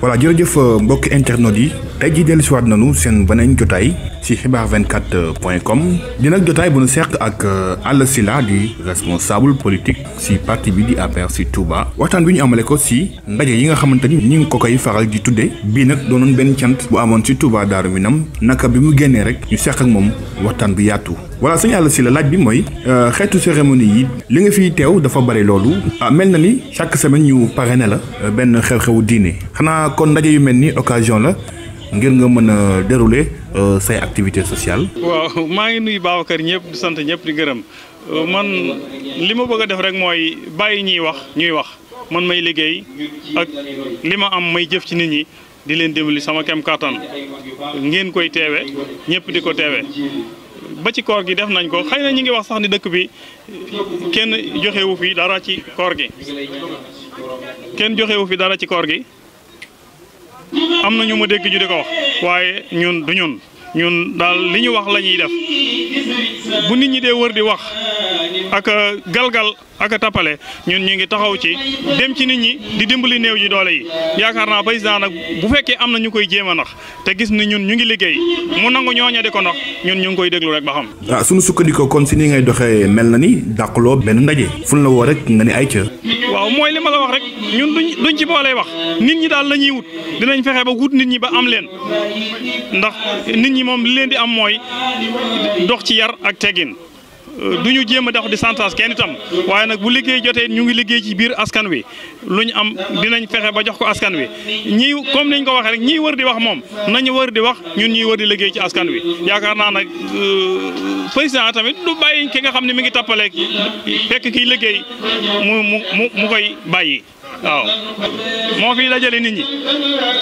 voilà jërëjëf euh, mbokki internet yi tey jii dellu siwaat nañu seen beneen jotaay ci xibaar 24 point com dina jotaay bu nu seq ak euh, Alla Sylla di responsable politique ci parti bi di APR ci Touba waxtaan bi ñu amalee ko ci ndaje yi nga xamante ni ñu ngi ko koy faral di tudde bii nag doonoon benn cant bu amoon ci Touba Daaru Minam naka bi mu génnee rek ñu seq ak moom waxtaan bu yaatu voilà sëñ Alla Sylla laaj bi mooy euh, xeetu cérémonie yi li nga fiy teew dafa bari loolu ah, mel na ni chaque semaine ñu parrainé la euh, benn xew-xewu diine xanaa kon ndaje yu mel ni occasion la ngir nga mën a dérouler euh, say activité sociale waaw maa ngi nuyu Babacar ñëpp sant ñëpp di gërëm man li ma bëgg a def rek mooy bàyyi ñuy wax ñuy wax man may liggéey ak li ma am may jëf ci nit ñi di leen dimbali sama kem kattan ngeen koy teewe ñëpp di ko teewe ba ci koor gi def nañ ko xëy na ñu ngi wax sax ni dëkk bi kenn joxewu fi dara ci koor gi kenn joxewu fi dara ci koor gi am na ñu ma dégg ju di ko wax waaye ñun du ñun ñun daal li ñu wax la ñuy def bu nit ñi dee wër di wax ak galgal aka tappale ñun ñu ngi taxaw ci dem ci nit ñi di dimbali néew ji doole yi yaakaar naa président nag bu fekkee am na ñu koy jéem a nax te gis ni ñun ñu ngi liggéey mu nangu ñooña di ko nax ñun ñu ngi koy déglu rek ba xam. ah suñu sukkandikoo kon si ni ngay doxee mel na ni dàqloo benn ndaje. fun la woo rek nga ni ay ca. waaw mooy li ma la wax rek. ñun duñ duñ ci boolee wax nit ñi daal la ñuy wut dinañ fexe ba wut nit ñi ba am leen ndax nit ñi moom li leen di am mooy dox ci yar ak teggin euh, duñu ñu jéem a dox di santas kenn itam waaye nag bu liggéey jotee ñu ngi liggéey ci biir askan wi lu ñu am dinañ fexe ba jox ko askan wi ñi comme niñ ko waxee rek ñiy wër di wax moom nañu wër di wax ñun ñuy wër di liggéey ci askan wi yaakaar naa nag euh, président tamit du bàyyi ki nga xam ne mi ngi tappale fekk kiy liggéey mu mu mu koy bàyyi. waaw moo fi dajale nit ñi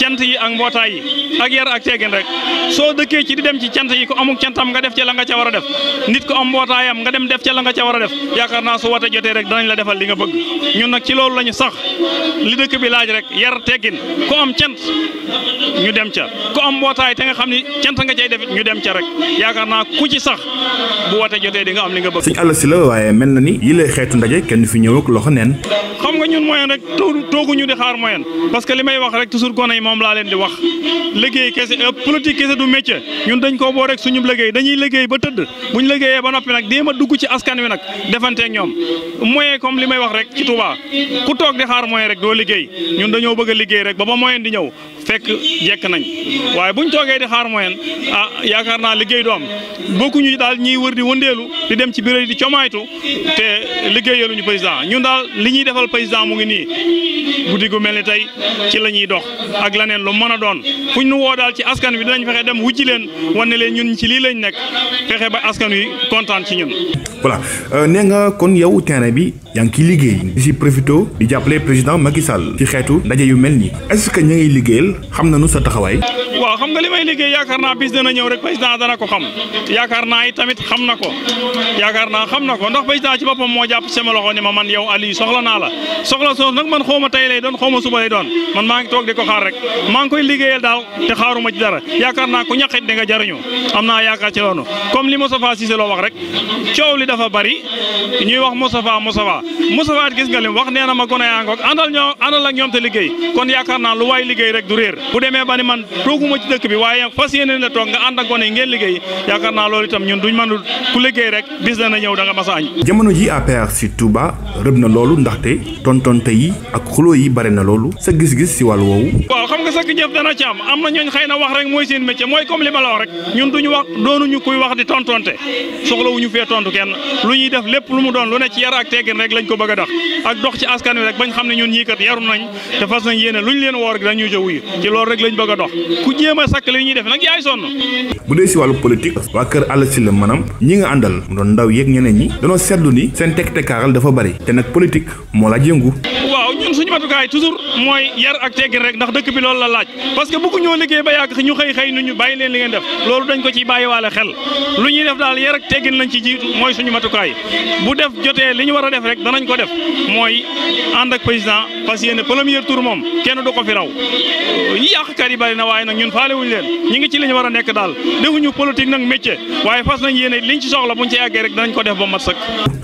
cant yi ak mbootaay yi ak yar ak teggin rek soo dëkkee ci di dem ci cant yi ko amul cantam nga def ci la nga ca war a def nit ko am mbootaayam nga dem def ca la nga ca war a def yaakaar naa su wate jotee rek danañ defal li nga bëgg ñun nag ci loolu lañu sax li dëkk bi laaj rek yar teggin ko am cant ñu dem ca ku am mbootaay te nga xam ni cant nga cay def ñu dem ca rek yaakaar naa ku ci sax bu wate jotee di nga am li nga bëgg. Sëñ si la waaye mel na ni yile xeetu ndaje kenn du fi ñëw ak loxo ñëw tooguñu di xaar moyen parce que li may wax rek toujours gone yi moom laa leen di wax liggéey kese euh, politique kese du métier ñun dañ koo boo rek suñu liggéey dañuy liggéey ba tëdd buñ liggéeyee ba noppi nag déema dugg ci askan wi nag defanteeg ñoom moyen comme li may wax rek ci Touba ku toog di xaar moyen rek doo liggéey ñun dañoo bëgg liggéey rek ba ba moyen di ñëw fekk jekk nañ waaye buñ toogee di xaar moyen ah yaakaar naa liggéey du am bokkuñu daal ñiy wër di wëndeelu di dem ci bureau yi di comaaytu te ñu président ñun daal li ñuy defal paysan mu ngi nii guddi gu mel ni tey ci la ñuy dox ak leneen lu mën a doon fuñ nu woo daal ci askan wi dinañ fexe dem wujji leen wanne leen ñun ci lii lañ nekk fexe ba askan wi kontaan ci ñun. voilà euh, nee nga kon yow terrain bi. yaa ngi ciy liggéey di si profito di jàppale président Macky Sall ci xeetu ndaje yu mel ni est-ce que ña ngi liggéeyal xam nu sa taxawaay waaw xam nga li may liggéey yaakaar naa bis na ñëw rek président dana ko xam yaakaar naa yi tamit xam na ko yaakaar naa xam na ko ndax président ci boppam moo jàpp sama loxo ni ma man yow Aliou soxla naa la soxla soos nag man xaw ma tey lay doon xaw ma suba lay doon man maa ngi toog di ko xaar rek maa ngi koy liggéeyal daal te xaaruma ci dara yaakaar naa ku ñaqit di nga jariñu am naa yaakaar ci loonu comme li Moustapha Cissé loo wax rek coow li dafa bari ñuy wax Moustapha Moustapha Moustapha gis nga lim wax nee na ma gone yaa ngoog àndal ñoo àndal ak ñoom te liggéey kon yaakaar naa lu waay liggéey rek du réer nekkuma ci dëkk bi waaye fas yéene la toog nga ànd a añ jamono ji APR si Touba rëb na loolu ndaxte tontonte yi ak xuloo yi bare na loolu sa gis-gis si wàllu woowu waaw xam nga sëkk jëf dana ci am am na ñooñ xëy na wax rek mooy seen métier mooy comme li ma la wax rek ñun duñu wax doonuñu kuy wax di tontonte soxlawuñu fee tontu kenn lu ñuy def lépp lu mu doon lu ne ci yar ak teggin rek lañ ko bëgg a dax ak dox ci askan wi rek bañ xam ne ñun ñii kat yaru nañ te fas nañ yéene luñ leen woor rek dañuy jëw yi ci loolu rek lañ bëgg a jéem a sakk ñuy def nag yaay sonn. bu dee si wàllu politique waa kër Alla Sylla maanaam ñi nga àndal mu doon ndaw yeeg ñeneen ñi danoo seetlu ni seen teg tekkaaral dafa bari te nag politique moo laaj yëngu. matukaay toujours mooy yar ak teggin rek ndax dëkk bi loolu la laaj parce que bëggu ñoo liggéey ba yàgg ñu xëy xëy nu ñu bàyyi leen li ngeen def loolu dañ ko ciy bàyyiwaale xel lu ñu def daal yar ak teggin lañ ci jiitu mooy suñu matukaay bu def jotee li ñu war a def rek danañ ko def mooy ànd ak président parce que yéen premier tour moom kenn du ko fi raw ñu yàqkat yi bari na waaye nag ñun faale wuñu leen ñu ngi ci li ñu war a nekk daal defuñu politique nag métier waaye fas nañ yéene liñ ci soxla buñ rek danañ ko def ba mat sëkk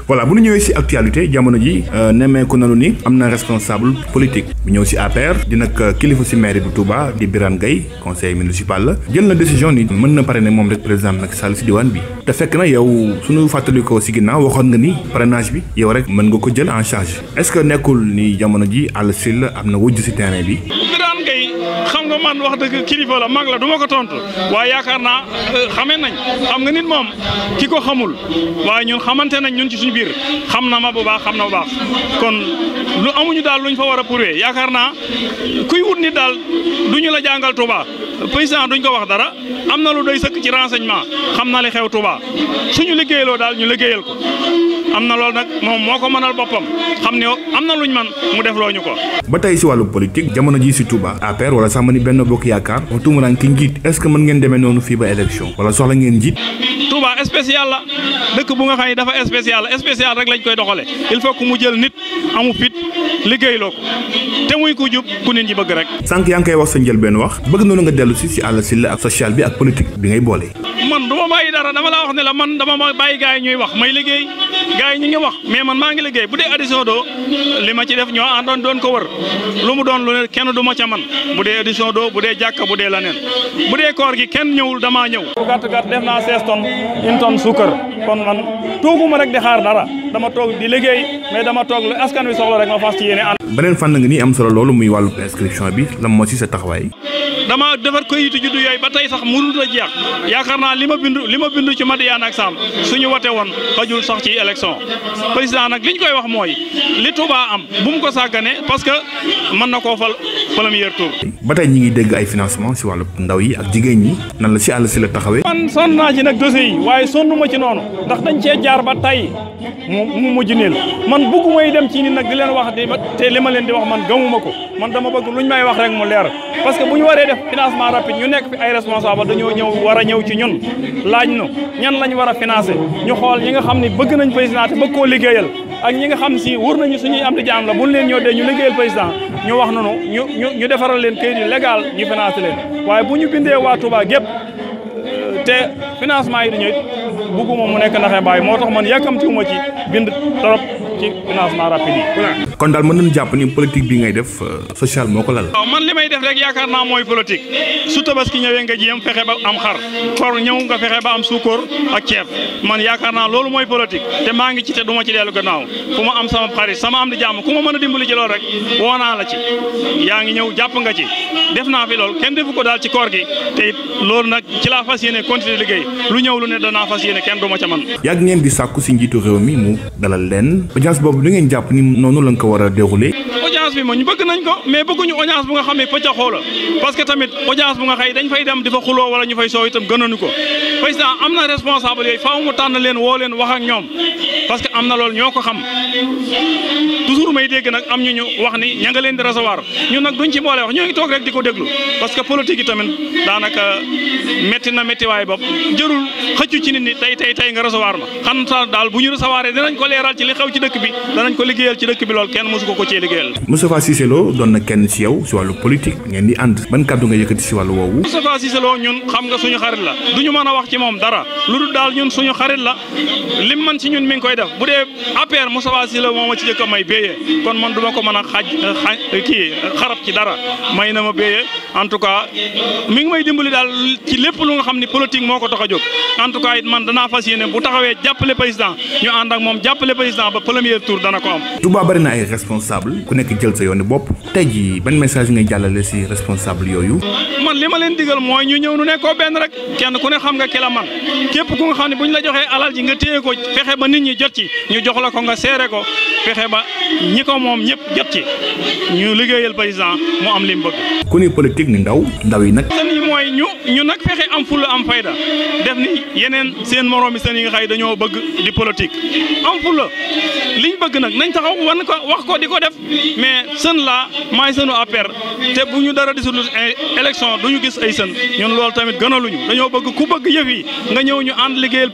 voilà bu si actualité jamono ji euh, nemmeeku nanu ni am na responsable politique bu ñëw si APR dina nag kilifa si maire bu Touba di Birane Gueye conseil municipal la jël na décision ni mën na pare parrainer moom rek président nag Sall si diwaan bi te fekk na yow suñu fàttalikoo si ginnaaw waxoon nga ni parrainage bi yow rek mën nga ko jël en charge est-ce que nekkul ni jamono ji àll sil am na wujj si terrain bi Birane Gueye xam nga man wax dëgg kilifa la mag la duma ko tontu waaye yaakaar naa euh, xamee nañ xam nga nit moom ki ko xamul waaye ñun xamante nañ ñun ci suñu biir xam na ma bu xam na bu baax kon lu amuñu daal luñ fa war a prouvé yaakaar naa kuy wut nit daal du ñu la jàngal Touba président duñ ko wax dara am na lu day sëkk ci renseignement xam na li xew Touba suñu liggéeyaloo daal ñu liggéeyal ko am na loolu nag moom moo ko mënal boppam xam ne am na luñ man mu def loo ñu ko. ba tey si wàllu politique jamono ji si Touba APR wala sax ma ni benn bokk yaakaar wax tuumuraan ki njiit est-ce mën ngeen demee noonu fii ba élection wala soxla ngeen njiit. Touba spécial la dëkk bu nga xam ne dafa spécial la spécial rek lañ koy doxalee il faut que mu jël nit amu fit liggéeyloo ko te muy ku jub ku nit ñi bëgg rek. sànq yaa ngi koy wax sa benn wax bëgg noonu nga dellu si si àll si la social bi ak politique bi ngay boole. man du ma bàyyi dara dama laa wax ne la man dama ma bàyyi gars yi ñuy wax may liggéey gars yi ñu ngi wax mais man maa ngi liggéey bu dee Adi Sodo li ma ci def ñoo àndoon doon ko wër lu mu doon lu ne kenn du ma ca man bu dee Adi Sodo bu dee jàkka bu dee laneen bu dee koor gi kenn ñëwul damaa ñëw. bu gàtt gàtt def naa 16 tonnes une tonne suukar man tooguma rek di xaar dara dama toog di liggéey mais dama toog lu askan wi soxla rek ma fas ci yéene ànd. beneen fànn nga ni am solo loolu muy wàllu prescription bi lan moo ci sa taxawaay. dama defar këyitu juddu yooyu ba tey sax mënut a jeex yaakaar naa li ma bindu li ma bindu ci Madiyaan ak Saam suñu wote woon xajul sax ci élection président nag li ñu koy wax mooy li Touba am bu mu ko sàggane parce que mën na koo fal premier tour. ba tey ñi ngi dégg ay financement si wàllu ndaw yi ak jigéen ñi nan la si àll si la taxawee. man sonn naa ci nag dossier yi waaye sonnuma ci noonu ndax dañ cee jaar ba tey mu mujj neel man bëggumay dem ci ni ma leen di wax man gëmuma ko man dama bëgg wax rek mu leer def financement rapide ñu nekk fi ay responsable dañoo ñëw war a ñëw ci ñun laaj nu ñan lañ war a financer ñu xool ñi nga xam ne bëgg nañ président te bëgg koo liggéeyal ak ñi nga xam si wóor nañu suñuy am di jaam la buñ leen ñoo de ñu liggéeyal président ñu wax nanu ñu ñu ñu defaral leen kayit yu légal ñu financer leen waaye bu ñu bindee waa Touba gépp te financement yi dañuy bugguma mu nekk naxee baay moo tax man yàkkamtiwuma ci bind trop ci financement rapide yi kon daal mën nañu jàpp ni politique bi ngay def euh, social moo ko lal. waaw man li may def rek yaakaar naa mooy politique su tabaski ñëwee nga jiyam fexe ba am xar kor ñëw nga fexe ba am suukóor ak ceeb man yaakaar naa loolu mooy politique te maa ngi ci te duma ci a la ci yaa ngi ñëw jàpp nga ci def naa fi loolu kenn defu ko daal ci koor gi te loolu nag ci laa fas yéene continuer liggéey lu ñëw lu ne danaa fas yéene kenn du ca man yàgg ngeen di sàkku si njiitu réew mi mu dalal leen audience boobu li ngeen jàpp ni noonu la ko war a déroulé. audience bi moom ñu bëgg nañ ko mais bëgguñu audience bu nga xam ne pëcc xoola parce que tamit audience bu nga xëy dañ fay dem di fa xuloo wala ñu fay soow itam gënanu ko président am na responsable yooyu faaw mu tànn leen woo leen wax ak ñoom parce que am na lool ñoo ko xam toujours may dégg nag am ñu ñu wax ni ña nga leen di recevoir ñun nag duñ ci boole wax ñoo ngi toog rek di ko déglu parce que politique yi tamit daanaka métti na métti waay bopp jërul xëccu ci nit ñi tey tey tey nga recevoir ma xam sa daal bu ñu recevoir dinañ ko leeral ci li xew ci dëkk bi danañ ko liggéeyal ci dëkk bi lool kenn mosu ko ko cee liggéeyal. Moustapha Cissé Lo doon na kenn ci yow ci ngeen di ànd ban a wax moom dara lu dul daal ñun la koy def bu dee APR Moustapha Sylla moo ma ci njëkk a may béyee kon man duma ko mën a xaj kii xarab ci dara may na ma béyee en tout ngi may dimbali daal ci lépp lu nga xam ni politique moo ko tax a jóg en tout cas it man danaa fas yéene bu taxawee jàppale président ñu ànd ak moom jàppale président ba premier tour dana ko am. Touba na ay responsable ku nekk jël sa yooni bopp tey jii ban message ngay jàllale si responsable yooyu. man li ma leen digal mooy ñu ku ne xam nga ki la man képp ku nga xam ne bu ñu jot ci ñu jox la ko nga seere ko fexe ba ñi ko moom ñëpp jot ci ñu liggéeyal paysan mu am li mu bëgg. ku ne politique ni ndaw ndaw yi nag. seen yi mooy ñu ñu nag fexe am fulla am fayda def ni yeneen seen moroomi seen yi nga xay dañoo bëgg di politique am fulla liñ bëgg nag nañ taxaw wan ko wax ko di ko def mais sën la maay sënu APR te bu ñu dara disul élection du ñu gis ay sën ñun loolu tamit gënaluñu dañoo bëgg ku bëgg yëf yi nga ñëw ñu ànd liggéeyal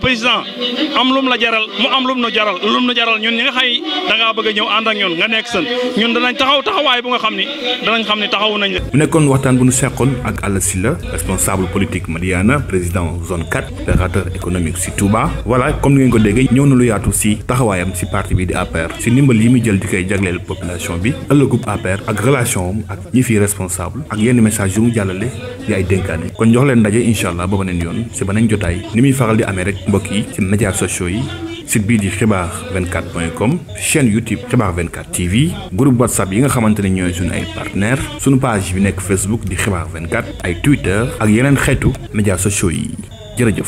lum nu jaral lum nu jaral ñun ñi nga xay dangaa bëgg a ñëw ànd ak ñun nga nekk sën ñun danañ taxaw taxawaay bu nga xam ni danañ xam ni taxawu nañ la. mu nekkoon waxtaan bu ñu seqoon ak Alla la responsable politique Madiyana président zone 4 opérateur économique si Touba. voilà comme ni ngeen ko déggee ñëw na lu yaatu si taxawaayam si parti bi di APR si ndimbal yi mu jël di koy jagleel population bi ëllëgub APR ak relation am ak ñi fi responsable ak yenn message yu mu jàllale di kon jox leen ndaje incha allah ba beneen yoon si beneen jotaay ni muy faral di amee rek mbokk yi si médias sociaux yi site bii di xibaar 24 point com chaîne YouTube xibaar 24 TV groupe WhatsApp yi nga xamante ne ñooy suñu ay partenaires suñu page bi nekk Facebook di xibaar 24 ay Twitter ak yeneen xeetu médias sociaux yi